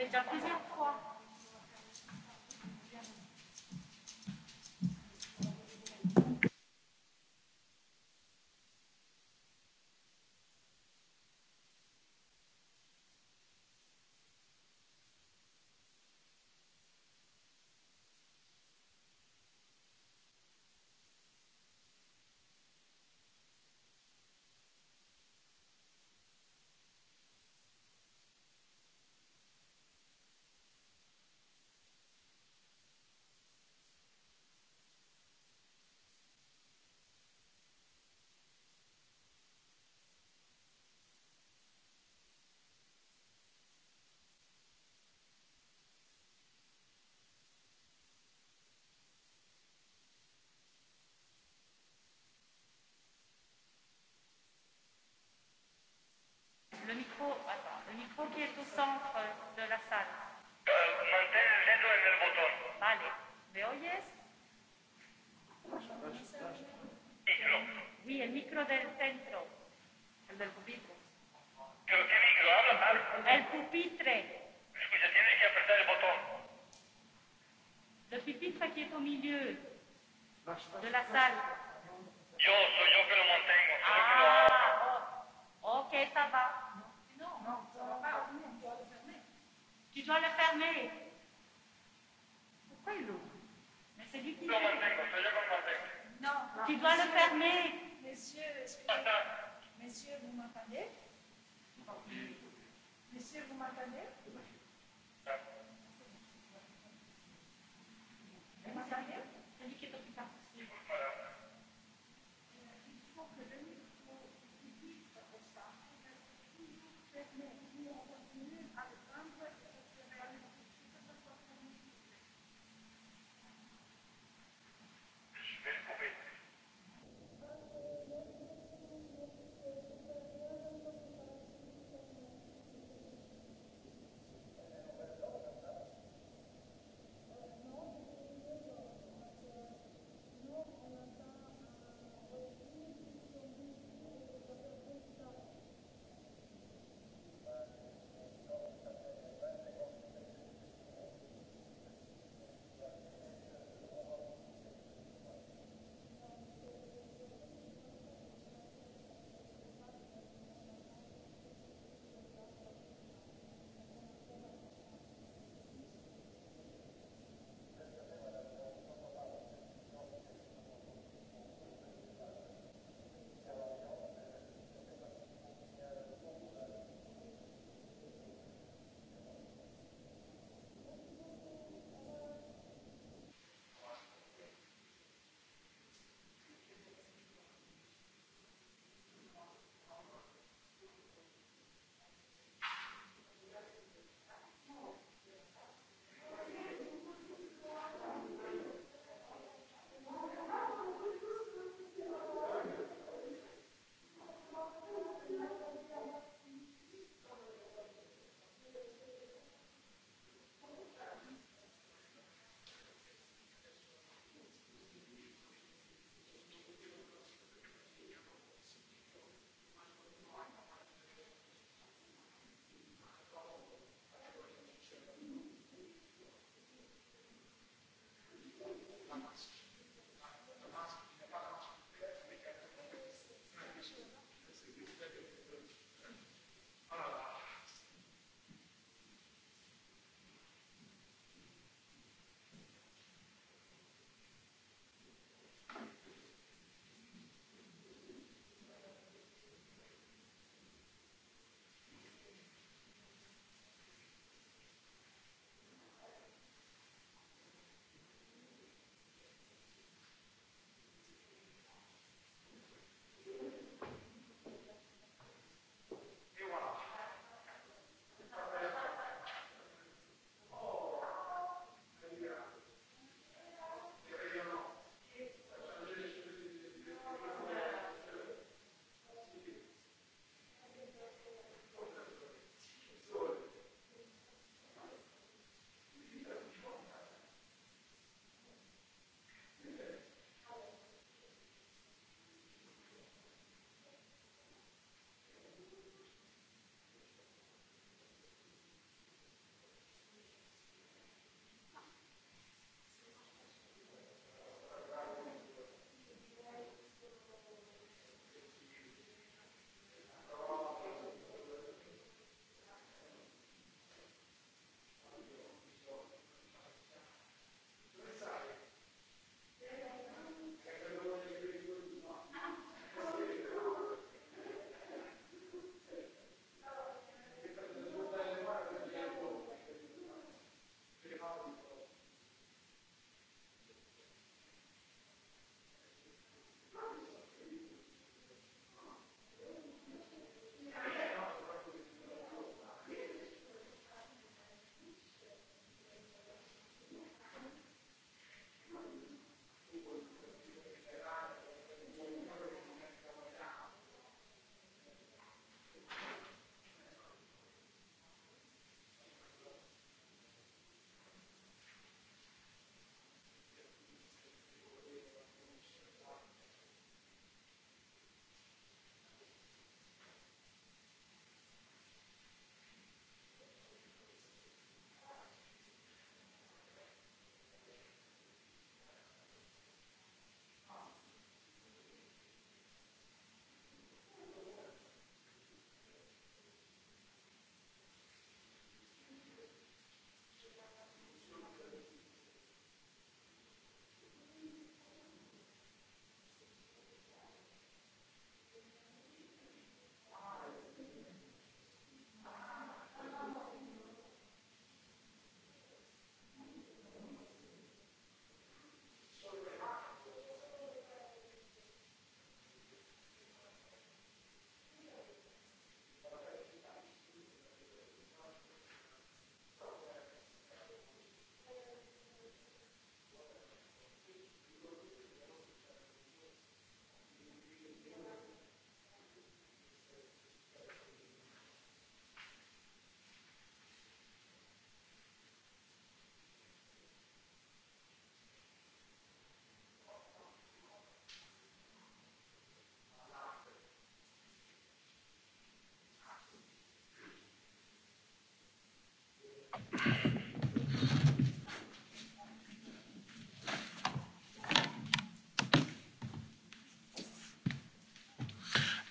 Deci acum el pupitre. ¿Pero qué micro? Habla mal. El pupitre. Escucha, tienes que apretar el botón. Le pupitre qui est au medio da, de la sala. Yo, soy yo que lo mantengo, soy ah, que lo hago. Ok, está va. No, no, no, va pas. Tu dois le fermer. Pourquoi il l'ouvre Mais c'est lui qui l'ouvre. Non, non, tu dois le fermer. Messieurs, excusez-moi. Messieurs, vous m'entendez Messieurs, vous m'entendez Vous m'entendez Il faut que le micro puisse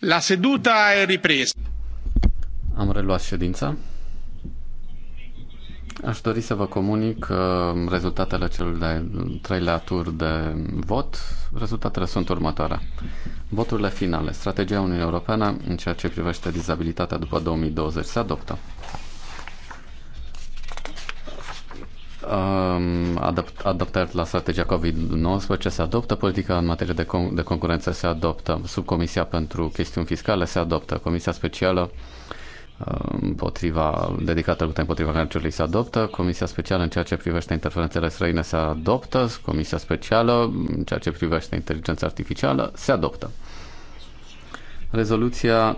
La seduta è ripresa. Am reluat ședința. Aș dori să vă comunic uh, rezultatele celor de treilea tur de vot. Rezultatele sunt următoare. Voturile finale. Strategia Uniunii Europene în ceea ce privește dizabilitatea după 2020 se adoptă. Um, Adaptat la strategia COVID-19, se adoptă politica în materie de, con- de concurență, se adoptă subcomisia pentru chestiuni fiscale, se adoptă comisia specială um, împotriva, dedicată luptei împotriva cancerului se adoptă, Comisia Specială în ceea ce privește interferențele străine se adoptă, Comisia Specială în ceea ce privește inteligența artificială se adoptă. Rezoluția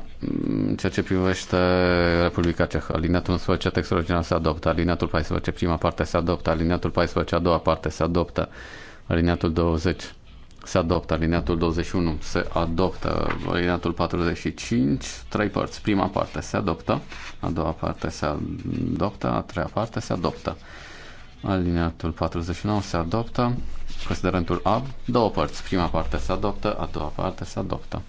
în ceea ce privește Republica Cehă. Alineatul 11, textul original se adoptă. Alineatul 14, prima parte se adoptă. Alineatul 14, a doua parte se adoptă. Alineatul 20 se adoptă. Alineatul 21 se adoptă. Alineatul 45, trei părți. Prima parte se adoptă. A doua parte se adoptă. A treia parte se adoptă. Alineatul 49 se adoptă. Considerentul A, două părți. Prima parte se adoptă, a doua parte se adoptă.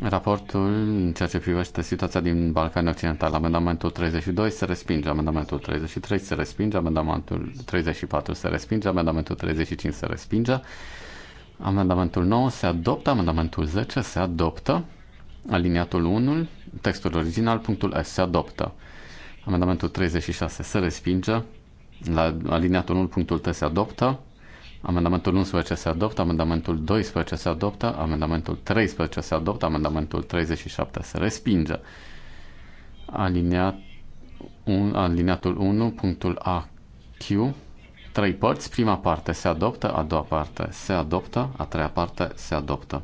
Raportul în ceea ce privește situația din Balcani Occidental, amendamentul 32 se respinge, amendamentul 33 se respinge, amendamentul 34 se respinge, amendamentul 35 se respinge, amendamentul 9 se adoptă, amendamentul 10 se adoptă, aliniatul 1, textul original, punctul S se adoptă, amendamentul 36 se respinge, la aliniatul 1, punctul T se adoptă, Amendamentul 11 se adoptă, amendamentul 12 se adoptă, amendamentul 13 se adoptă, amendamentul 37 se respinge. Aliniat, un, aliniatul 1, punctul AQ, trei părți, prima parte se adoptă, a doua parte se adoptă, a treia parte se adoptă.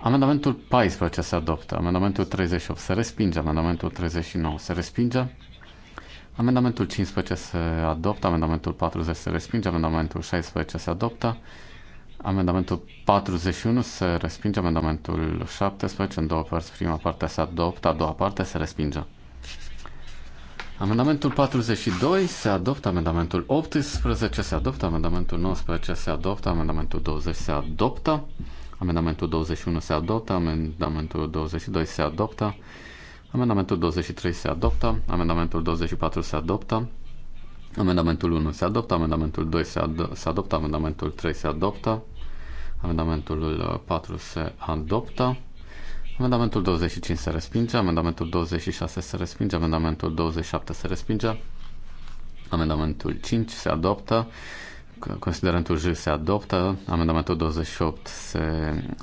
Amendamentul 14 se adoptă, amendamentul 38 se respinge, amendamentul 39 se respinge, Amendamentul 15 se adoptă, amendamentul 40 se respinge, amendamentul 16 se adoptă, amendamentul 41 se respinge, amendamentul 17 în două părți, prima parte se adoptă, a doua parte se respinge. Amendamentul 42 se adoptă, amendamentul 18 se adoptă, amendamentul 19 se adoptă, amendamentul 20 se adoptă, amendamentul 21 se adoptă, amendamentul 22 se adoptă, Amendamentul 23 se adoptă, amendamentul 24 se adoptă, amendamentul 1 se adoptă, amendamentul 2 se, ad- se adoptă, amendamentul 3 se adoptă, amendamentul 4 se adoptă, amendamentul 25 se respinge, amendamentul 26 se respinge, amendamentul 27 se respinge, amendamentul 5 se adoptă, Considerentul J se adoptă, amendamentul 28 se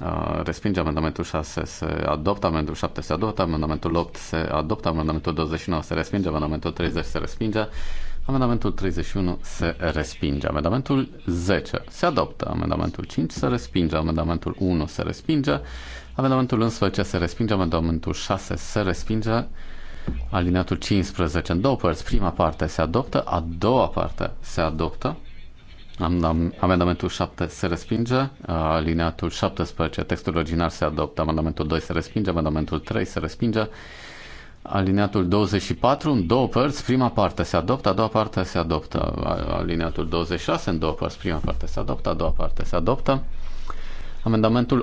uh, respinge, amendamentul 6 se adoptă, amendamentul 7 se adoptă, amendamentul 8 se adoptă, amendamentul 29 se respinge, amendamentul 30 se respinge, amendamentul 31 se respinge, amendamentul 10 se adoptă, amendamentul 5 se respinge, amendamentul 1 se respinge, amendamentul 11 se respinge, amendamentul 6 se respinge, alineatul 15 în două părți, prima parte se adoptă, a doua parte se adoptă, Amendamentul 7 se respinge, alineatul 17, textul original se adoptă, amendamentul 2 se respinge, amendamentul 3 se respinge, alineatul 24 în două părți, prima parte se adoptă, a doua parte se adoptă, alineatul 26 în două părți, prima parte se adoptă, a doua parte se adoptă, amendamentul